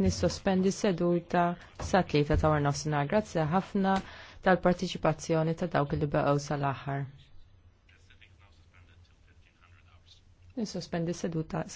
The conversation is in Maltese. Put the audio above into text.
nissospendi s-seduta sa' tlieta ta' warna Grazzi ħafna tal-partiċipazzjoni ta' dawk li baqgħu sal-aħħar. Nissospendi s-seduta